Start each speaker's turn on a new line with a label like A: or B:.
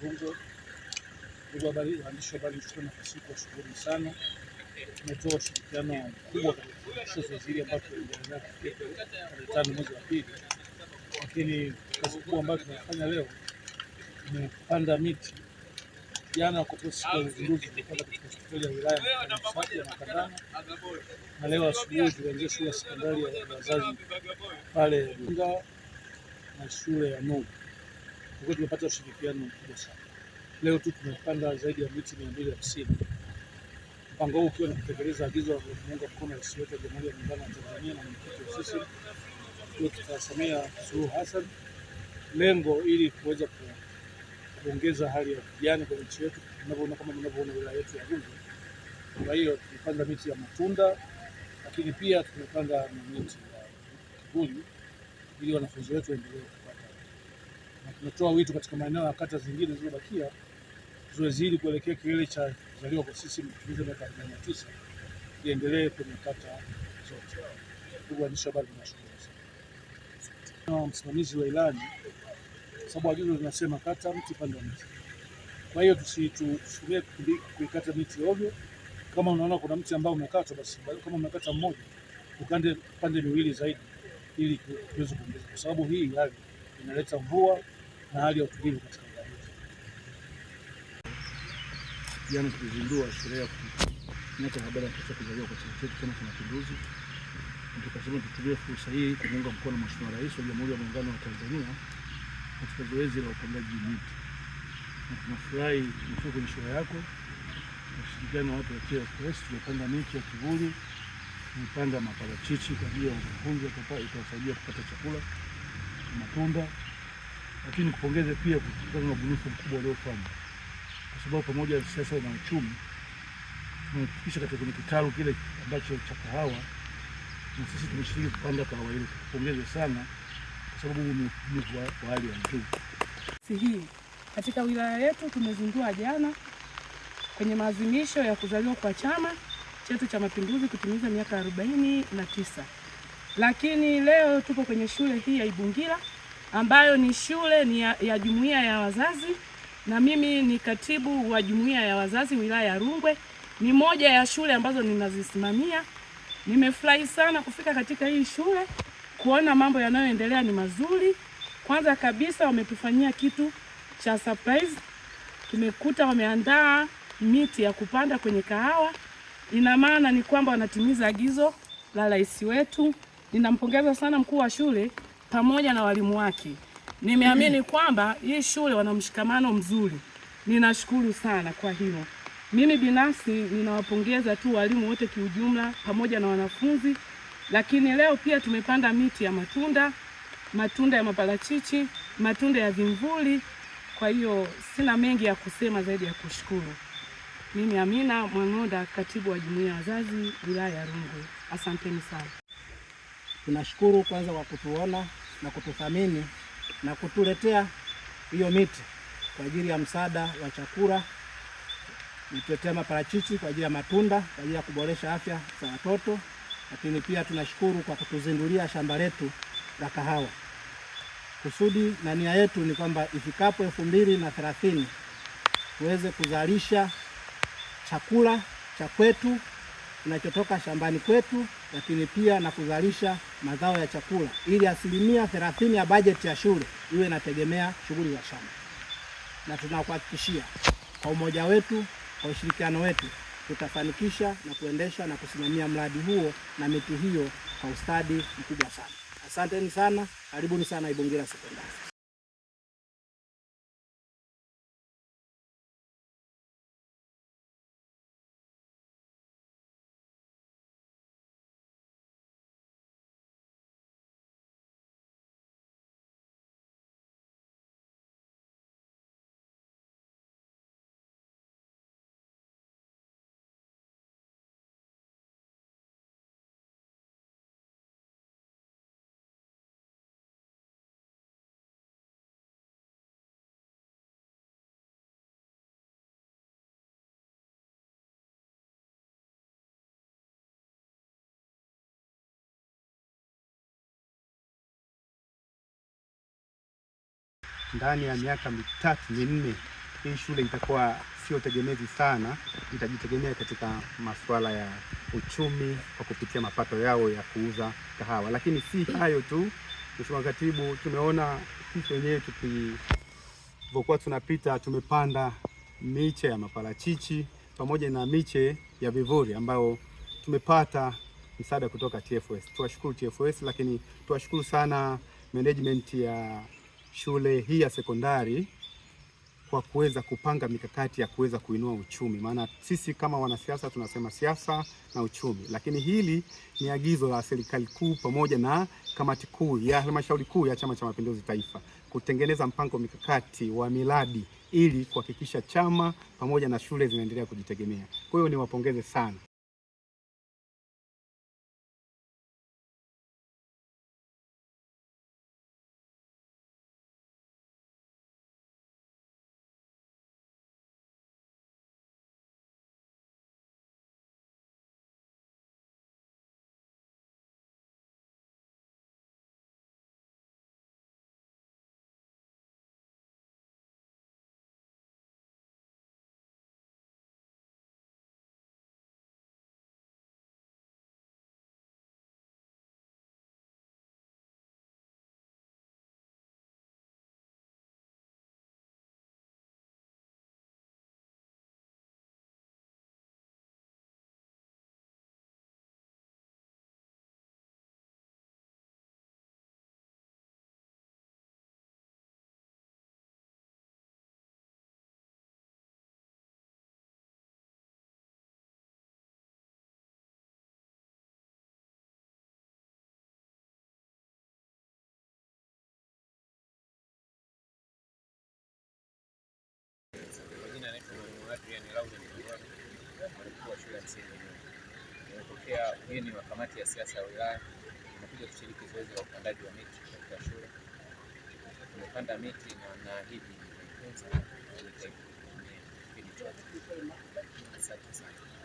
A: Ubungo. Ndugu waandishi habari, nichukue nafasi hii kuwashukuru sana. Tumetoa ushirikiano mkubwa katika zoezi hili ambayo tunaendelea tarehe tano mwezi wa pili, lakini kazi kubwa ambayo tunafanya leo ni kupanda miti. Jana kwa uzinduzi tulipanda katika hospitali ya wilaya ya Makandana na leo asubuhi tulianzia shule ya sekondari ya wazazi pale Dunga na shule ya Nugu. Kwa tumepata ushirikiano mkubwa sana. Leo tu tumepanda zaidi ya miti mia mbili hamsini mpango huu ukiwa ni kutekeleza agizo la kuunga mkono rais wetu wa Jamhuri ya Muungano wa Tanzania na mwenyekiti wa CCM Dkt. Samia Suluhu Hassan, lengo ili kuweza kuongeza hali ya kijani kwenye nchi yetu tunavyoona kama tunavyoona wilaya yetu ya Rungwe. Kwa hiyo tumepanda miti ya matunda, lakini pia tumepanda miti ya kivuli ili wanafunzi wetu waendelee na tunatoa wito katika maeneo ya kata zingine zilizobakia, zoezi hili kuelekea kilele cha kuzaliwa kwa sisi mtumizi miaka arobaini na tisa liendelee kwenye kata zote. Ndugu waandishi wa habari, tunashukuru sana msimamizi wa ilani, sababu agizo linasema kata mti pande mti. Kwa hiyo tusitumie kuikata miti ovyo. Kama unaona kuna mti ambao umekatwa, basi kama umekata mmoja ukande pande miwili zaidi, ili tuweze kuongeza, kwa sababu hii hali inaleta mvua na hali ya utulivu katika wilaya yetu. Jana tulizindua sherehe ya miaka arobaini ya tisa kuzaliwa kwa chama chetu Chama cha Mapinduzi, tukasema tutumie fursa hii kumuunga mkono Mheshimiwa Rais wa Jamhuri ya Muungano wa Tanzania katika zoezi la upandaji miti, na tunafurahi mkiwa kwenye shura yako kushirikiana na watu wa TFS tumepanda miti ya kivuli, tumepanda maparachichi kwa ajili ya wanafunzi, itawasaidia kupata chakula, matunda lakini nikupongeze pia kutokana na ubunifu mkubwa uliofanya, kwa sababu pamoja na siasa na uchumi tumefikisha katika kwenye kitalu kile ambacho cha kahawa, na sisi tumeshiriki kupanda kahawa ile. Tukupongeze sana kwa sababu huu ni ubunifu wa hali ya juu.
B: Hii katika wilaya yetu tumezindua jana kwenye maadhimisho ya kuzaliwa kwa chama chetu cha Mapinduzi kutimiza miaka arobaini na tisa, lakini leo tupo kwenye shule hii ya Ibungira ambayo ni shule ni ya, ya jumuiya ya wazazi na mimi ni katibu wa jumuiya ya wazazi wilaya ya Rungwe. Ni moja ya shule ambazo ninazisimamia. Nimefurahi sana kufika katika hii shule kuona mambo yanayoendelea ni mazuri. Kwanza kabisa wametufanyia kitu cha surprise. Tumekuta wameandaa miti ya kupanda kwenye kahawa. Ina maana ni kwamba wanatimiza agizo la rais wetu. Ninampongeza sana mkuu wa shule pamoja na walimu wake. Nimeamini kwamba hii shule wana mshikamano mzuri. Ninashukuru sana kwa hilo. Mimi binafsi ninawapongeza tu walimu wote kiujumla pamoja na wanafunzi, lakini leo pia tumepanda miti ya matunda, matunda ya maparachichi, matunda ya vimvuli. Kwa hiyo sina mengi ya kusema zaidi ya kushukuru. Mimi Amina Mwang'onda, katibu wa jumuiya ya wazazi wilaya ya Rungwe. Asanteni sana. Tunashukuru kwanza kwa kutuona na kututhamini na kutuletea hiyo miti kwa ajili ya msaada wa chakula, mtuletea maparachichi kwa ajili ya matunda, kwa ajili ya kuboresha afya za watoto, lakini pia tunashukuru kwa kutuzindulia shamba letu la kahawa. Kusudi na nia yetu ni kwamba ifikapo elfu mbili na thelathini tuweze kuzalisha chakula cha kwetu kinachotoka shambani kwetu, lakini pia na kuzalisha mazao ya chakula, ili asilimia thelathini ya bajeti ya shule iwe inategemea shughuli za shamba. Na tunakuhakikishia kwa umoja wetu, kwa ushirikiano wetu tutafanikisha na kuendesha na kusimamia mradi huo na miti hiyo kwa ustadi mkubwa sana. Asanteni sana, karibuni sana Ibungira Sekondari. ndani ya miaka mitatu minne hii shule itakuwa sio tegemezi sana, itajitegemea katika masuala ya uchumi kwa kupitia mapato yao ya kuuza kahawa. Lakini si hayo tu, Mheshimiwa Katibu, tumeona sisi wenyewe tukivyokuwa tunapita tumepanda miche ya maparachichi pamoja na miche ya vivuri ambayo tumepata msaada kutoka TFS. Tuwashukuru TFS, lakini tuwashukuru sana management ya shule hii ya sekondari kwa kuweza kupanga mikakati ya kuweza kuinua uchumi, maana sisi kama wanasiasa tunasema siasa na uchumi, lakini hili ni agizo la serikali kuu pamoja na kamati kuu ya halmashauri kuu ya Chama cha Mapinduzi Taifa kutengeneza mpango mikakati wa miradi ili kuhakikisha chama pamoja na shule zinaendelea kujitegemea. Kwa hiyo niwapongeze sana taasisi ya jamii. ugeni wa kamati ya siasa ya wilaya, tumekuja kushiriki zoezi la upandaji wa miti katika shule. Tumepanda miti na naahidi chote. Asante sana.